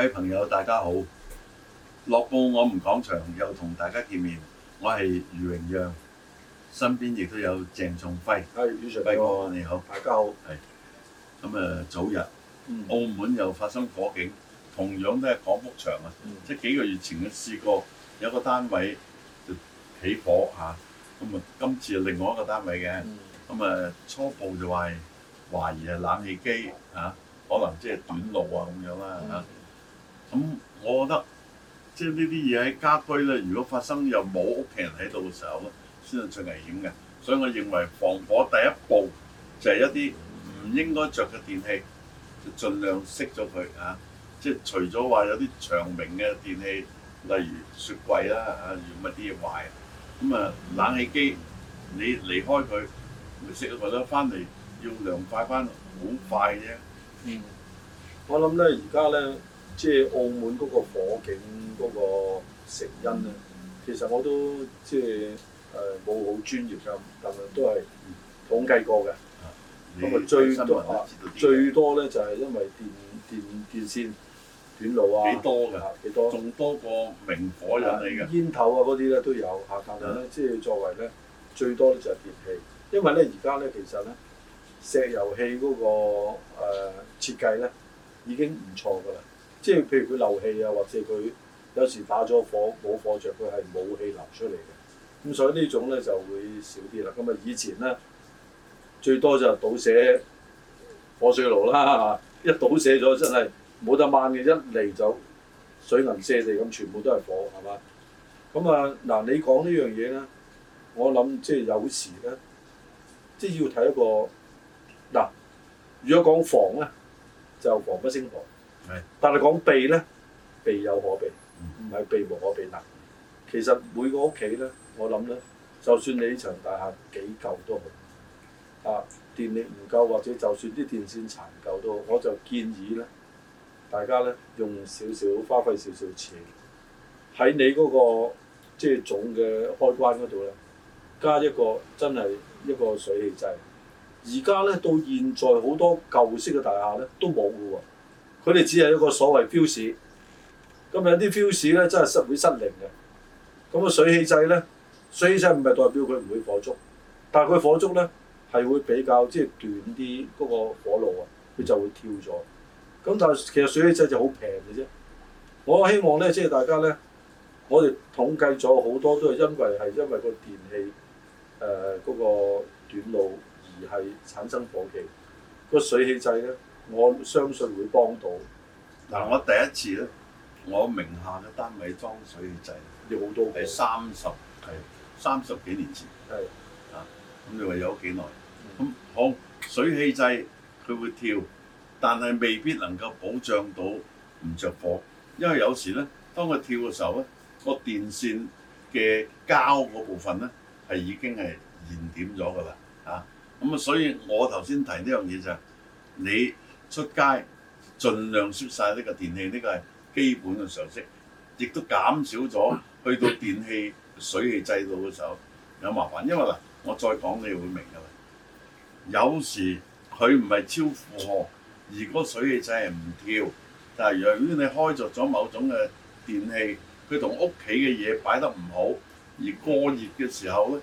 各位朋友，大家好！樂報我們講場又同大家見面，我係余榮陽，身邊亦都有鄭重輝。阿馮哥，你好，大家好。係咁啊！早日、嗯、澳門又發生火警，同樣都係廣福場啊！即係幾個月前嘅試過，有個單位就起火嚇，咁啊、嗯、今次又另外一個單位嘅，咁啊、嗯嗯嗯、初步就話懷疑係冷氣機嚇、啊，可能即係短路啊咁樣啦嚇。啊啊啊啊。咁、嗯、我覺得即係呢啲嘢喺家居咧，如果發生又冇屋企人喺度嘅時候咧，先係最危險嘅。所以我認為防火第一步就係一啲唔應該着嘅電器，就盡量熄咗佢啊！即係除咗話有啲長明嘅電器，例如雪櫃啦啊，要乜啲嘢壞咁啊，冷氣機你離開佢咪熄咗佢咯，翻嚟要涼快翻好快啫。嗯，我諗咧而家咧。即係澳門嗰個火警嗰個成因咧，嗯、其實我都即係誒冇好專業㗎，但係都係統計過嘅。咁啊，最多最多咧就係因為電電電，電線短路啊，幾多嘅？幾、啊、多仲多過明火引起嘅煙頭啊，嗰啲咧都有下，但係咧，嗯、即係作為咧最多咧就係電器，因為咧而家咧其實咧石油氣嗰個誒設計咧已經唔錯㗎啦。即係譬如佢漏氣啊，或者佢有時打咗火冇火着，佢係冇氣流出嚟嘅。咁所以呢種咧就會少啲啦。咁啊以前咧最多就係倒瀉火水爐啦，一倒瀉咗真係冇得慢嘅，一嚟就水銀瀉地咁，全部都係火，係嘛？咁啊嗱，你講呢樣嘢咧，我諗即係有時咧，即係要睇一個嗱，如果講防咧，就防不勝防。係，但係講備咧，備有可備，唔係備無可備。嗱，其實每個屋企咧，我諗咧，就算你層大廈幾舊都好，啊，電力唔夠或者就算啲電線殘舊都好，我就建議咧，大家咧用少少，花費少少錢，喺你嗰個即係總嘅開關嗰度咧，加一個真係一個水氣掣。而家咧到現在好多舊式嘅大廈咧都冇嘅喎。佢哋只係一個所謂 fuse，咁有啲 fuse 咧，真係失會失靈嘅。咁個水氣掣咧，水氣掣唔係代表佢唔會火燭，但係佢火燭咧係會比較即係短啲嗰、嗰個火路啊，佢就會跳咗。咁但係其實水氣掣就好平嘅啫。我希望咧，即係大家咧，我哋統計咗好多都係因為係因為個電器誒嗰個短路而係產生火氣。嗰個水氣掣咧。我相信會幫到，嗱、啊，我第一次咧，我名下嘅單位裝水器掣，有好多喺三十係三十幾年前，係啊，咁你話有幾耐？咁好，水器掣佢會跳，但係未必能夠保障到唔着火，因為有時咧，當佢跳嘅時候咧，個電線嘅膠嗰部分咧係已經係燃點咗㗎啦，啊，咁啊，所以我頭先提呢樣嘢就係你。出街，儘量熄晒呢個電器，呢、這個係基本嘅常識，亦都減少咗去到電器、水汽製度嘅時候有麻煩。因為嗱，我再講你會明㗎喇。有時佢唔係超負荷，而果水汽製係唔跳，但係如果你開着咗某種嘅電器，佢同屋企嘅嘢擺得唔好，而過熱嘅時候咧，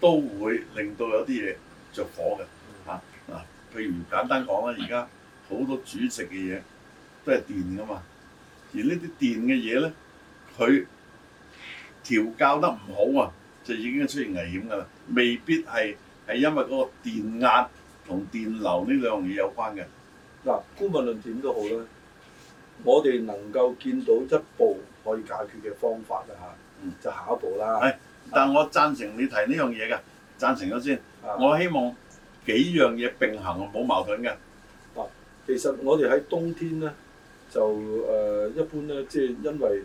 都會令到有啲嘢着火嘅。嚇、啊、嗱，譬如簡單講啦，而家。好多煮食嘅嘢都係電噶嘛，而呢啲電嘅嘢咧，佢調校得唔好啊，就已經出現危險噶啦，未必係係因為嗰個電壓同電流呢兩樣嘢有關嘅。嗱、呃，觀物論點都好啦，我哋能夠見到一步可以解決嘅方法啦嚇，啊、嗯，就下一步啦。誒，但我贊成你提呢樣嘢㗎，贊成咗先。的我希望幾樣嘢並行，冇矛盾㗎。其實我哋喺冬天呢，就誒、呃、一般呢，即、就、係、是、因為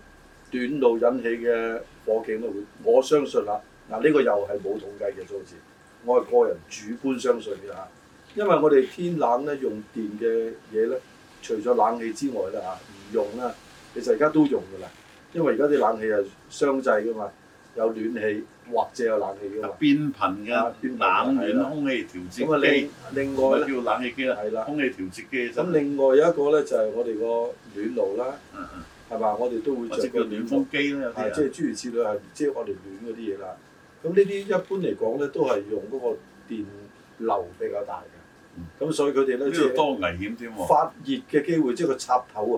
短路引起嘅火警都會。我相信啦。嗱、這、呢個又係冇統計嘅數字，我係個人主觀相信嘅嚇。因為我哋天冷呢，用電嘅嘢呢，除咗冷氣之外咧嚇，唔用啦。其實而家都用㗎啦，因為而家啲冷氣係相制㗎嘛，有暖氣。或者有冷氣機，變頻嘅冷暖空氣調節機。另外叫冷氣機啦，空氣調節機。咁另外有一個咧，就係我哋個暖爐啦，係嘛？我哋都會即個暖風機啦，有啲即諸如此類係即我哋暖嗰啲嘢啦。咁呢啲一般嚟講咧，都係用嗰個電流比較大嘅，咁所以佢哋咧即多危險添喎。發熱嘅機會即個插頭啊，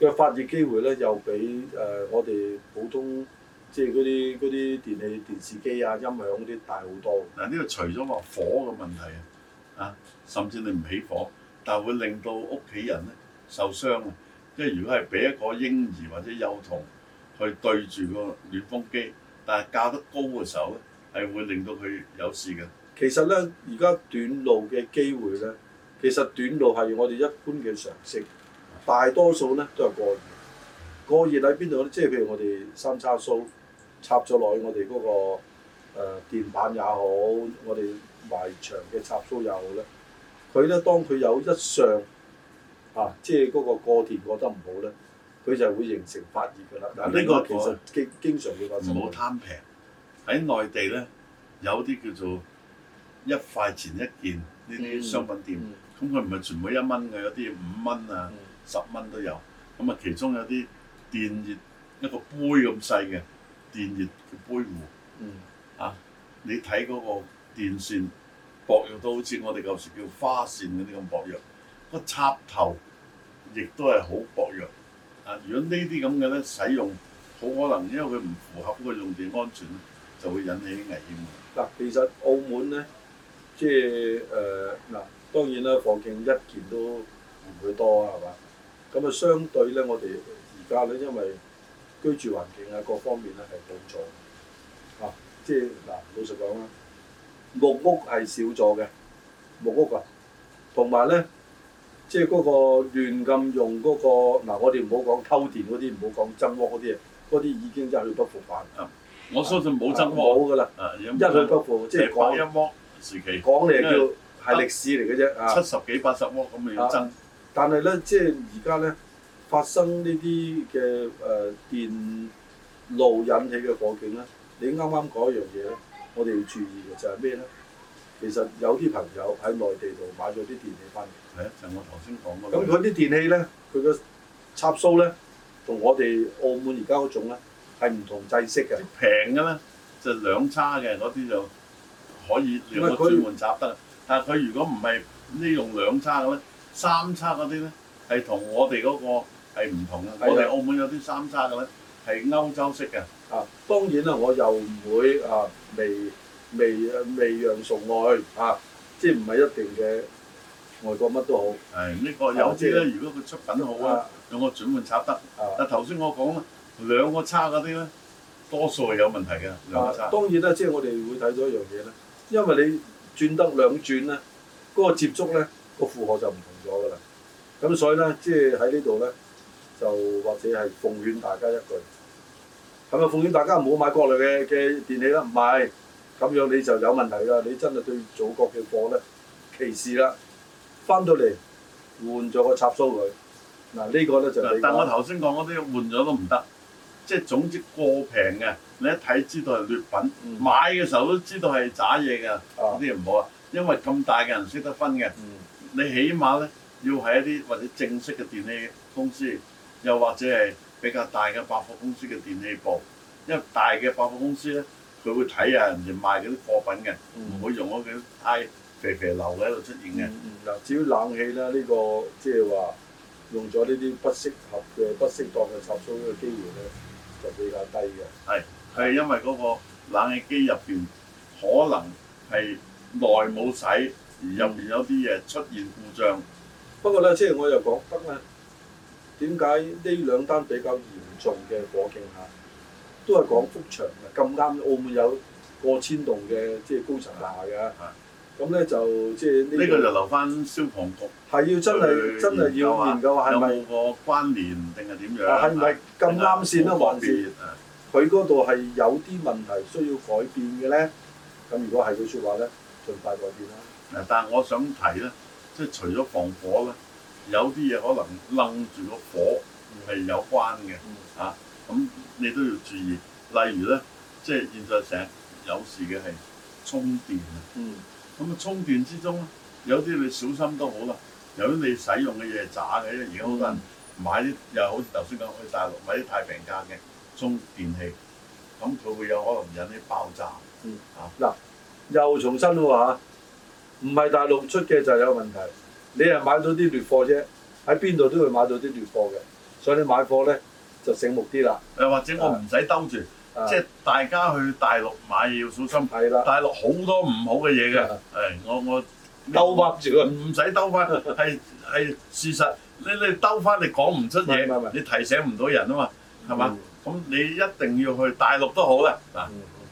個發熱機會咧又比誒我哋普通。即係嗰啲啲電器電視機啊、音響嗰啲大好多。嗱，呢個除咗話火嘅問題啊，甚至你唔起火，但係會令到屋企人咧受傷啊。即係如果係俾一個嬰兒或者幼童去對住個暖風機，但係架得高嘅時候咧，係會令到佢有事嘅。其實咧，而家短路嘅機會咧，其實短路係我哋一般嘅常識，大多數咧都係過熱。過熱喺邊度咧？即係譬如我哋三叉蘇。插咗落去我哋嗰個誒電板也好，我哋埋牆嘅插蘇也好咧，佢咧當佢有一上啊，即係嗰個過電過得唔好咧，佢就係會形成發熱㗎啦。嗱呢個其實經經常會發生。唔好貪平，喺內地咧，有啲叫做一塊錢一件呢啲商品店，咁佢唔係全部一蚊嘅，有啲五蚊啊、嗯、十蚊都有。咁啊，其中有啲電熱一個杯咁細嘅。電熱嘅杯壺，嗯啊，你睇嗰個電線薄弱到好似我哋舊時叫花線嗰啲咁薄弱，個插頭亦都係好薄弱。啊，如果呢啲咁嘅咧，使用好可能因為佢唔符合嗰個用電安全，就會引起危險。嗱，嗯、其實澳門咧，即係誒嗱，當然啦，防僥一件都唔會多啊，係嘛、嗯？咁啊，相對咧，我哋而家咧，因為居住環境啊，各方面咧係冇錯嘅，即係嗱，老實講啦，木屋係少咗嘅木屋啊，同埋咧，即係嗰個亂咁用嗰個嗱，我哋唔好講偷電嗰啲，唔好講增屋嗰啲嘢，嗰啲已經真係一去不復返啊！我相信冇增屋嘅啦，一去不復即係講一屋時期講你係叫係歷史嚟嘅啫，七十幾八十屋咁咪有增，但係咧即係而家咧。發生呢啲嘅誒電路引起嘅火警咧，你啱啱講一樣嘢，我哋要注意嘅就係咩咧？其實有啲朋友喺內地度買咗啲電器翻嚟，係啊，就是、我頭先講嗰，咁佢啲電器咧，佢嘅插蘇咧，同我哋澳門而家嗰種咧係唔同制式嘅，平嘅咧就兩、是、叉嘅嗰啲就可以，因為佢換插得啊，但係佢如果唔係呢用兩叉嘅咧，三叉嗰啲咧係同我哋嗰、嗰個。係唔同啊。的我哋澳門有啲三叉嘅咧，係歐洲式嘅啊。當然啦，我又唔會啊，未未啊，未養熟佢啊，即係唔係一定嘅外國乜都好係呢、哎呢個有啲咧。啊、如果佢出品好啊，有個轉換插得、啊、但頭先我講兩個叉嗰啲咧，多數係有問題嘅兩個叉。啊、當然啦，即係我哋會睇咗一樣嘢啦，因為你轉得兩轉咧，嗰、嗰個接觸咧、嗰個負荷就唔同咗㗎啦。咁所以咧，即係喺呢度咧。就或者係奉勸大家一句，係咪奉勸大家唔好買國內嘅嘅電器啦。唔係，咁樣你就有問題㗎。你真係對祖國嘅貨咧歧視啦。翻到嚟換咗個插蘇佢，嗱、啊這個、呢個咧就是、但我頭先講嗰啲換咗都唔得，即係總之過平嘅，你一睇知道係劣品，嗯、買嘅時候都知道係渣嘢㗎，嗰啲唔好啊。因為咁大嘅人識得分嘅，嗯、你起碼咧要喺一啲或者正式嘅電器公司。又或者係比較大嘅百貨公司嘅電器部，因為大嘅百貨公司咧，佢會睇下、啊、人哋賣嗰啲貨品嘅，唔、嗯、會用嗰啲太肥肥流喺度出現嘅。嗱、嗯，至於冷氣啦，呢、這個即係話用咗呢啲不適合嘅、不適當嘅插蘇嘅機會咧，就比較低嘅。係，佢係因為嗰個冷氣機入邊可能係耐冇洗而入邊有啲嘢出現故障。不過咧，即、就、然、是、我又覺得啦。點解呢兩單比較嚴重嘅火警下，都係講覆牆嘅。咁啱，澳門有過千棟嘅即係高層下嘅，咁咧就即係呢個就留翻消防局，係要真係真係要研究，係咪個關聯定係點樣？啊，係咪咁啱先啦？還是佢嗰度係有啲問題需要改變嘅咧？咁如果係佢説話咧，儘快改變啦。誒，但係我想提咧，即係除咗防火咧。有啲嘢可能楞住個火唔係有關嘅嚇，咁、嗯啊、你都要注意。例如咧，即、就、係、是、現在成日有事嘅係充電啊。嗯，咁啊、嗯、充電之中咧，有啲你小心都好啦。由於你使用嘅嘢係渣嘅，因為而家好多人買啲、嗯、又好似頭先咁去大陸買啲太平價嘅充電器，咁佢會有可能引起爆炸嚇。嗱、啊嗯，又重新喎唔係大陸出嘅就有問題。你係買到啲劣貨啫，喺邊度都會買到啲劣貨嘅，所以你買貨咧就醒目啲啦。誒，或者我唔使兜住，即係大家去大陸買嘢要小心。係啦，大陸好多唔好嘅嘢嘅。誒，我我兜屈住，唔使兜翻。係係事實，你你兜翻你講唔出嘢，你提醒唔到人啊嘛，係嘛？咁你一定要去大陸都好啦。嗱，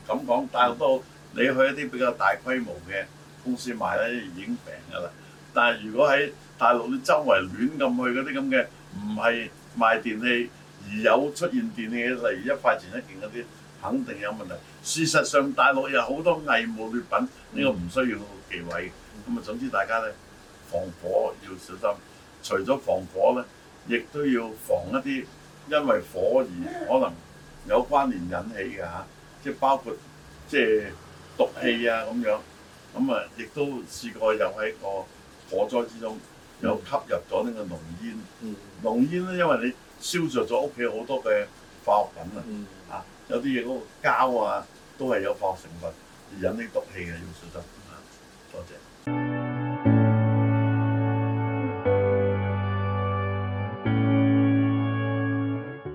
咁講大陸都好，你去一啲比較大規模嘅公司買咧，已經平噶啦。但係如果喺大陸你周圍亂咁去嗰啲咁嘅，唔係賣電器而有出現電器，例如一塊錢一件嗰啲，肯定有問題。事實上大陸有好多偽冒劣品，呢個唔需要忌諱。咁啊，總之大家咧防火要小心。除咗防火咧，亦都要防一啲因為火而可能有關聯引起嘅嚇、啊，即係包括即係毒氣啊咁樣。咁啊，亦都試過又係一個。火災之中又吸入咗、嗯、呢個濃煙，濃煙咧，因為你燒灼咗屋企好多嘅化學品、嗯、啊，嚇，有啲嘢嗰個膠啊，都係有化學成分，引起、嗯、毒氣嘅要小心嚇。嗯、多謝。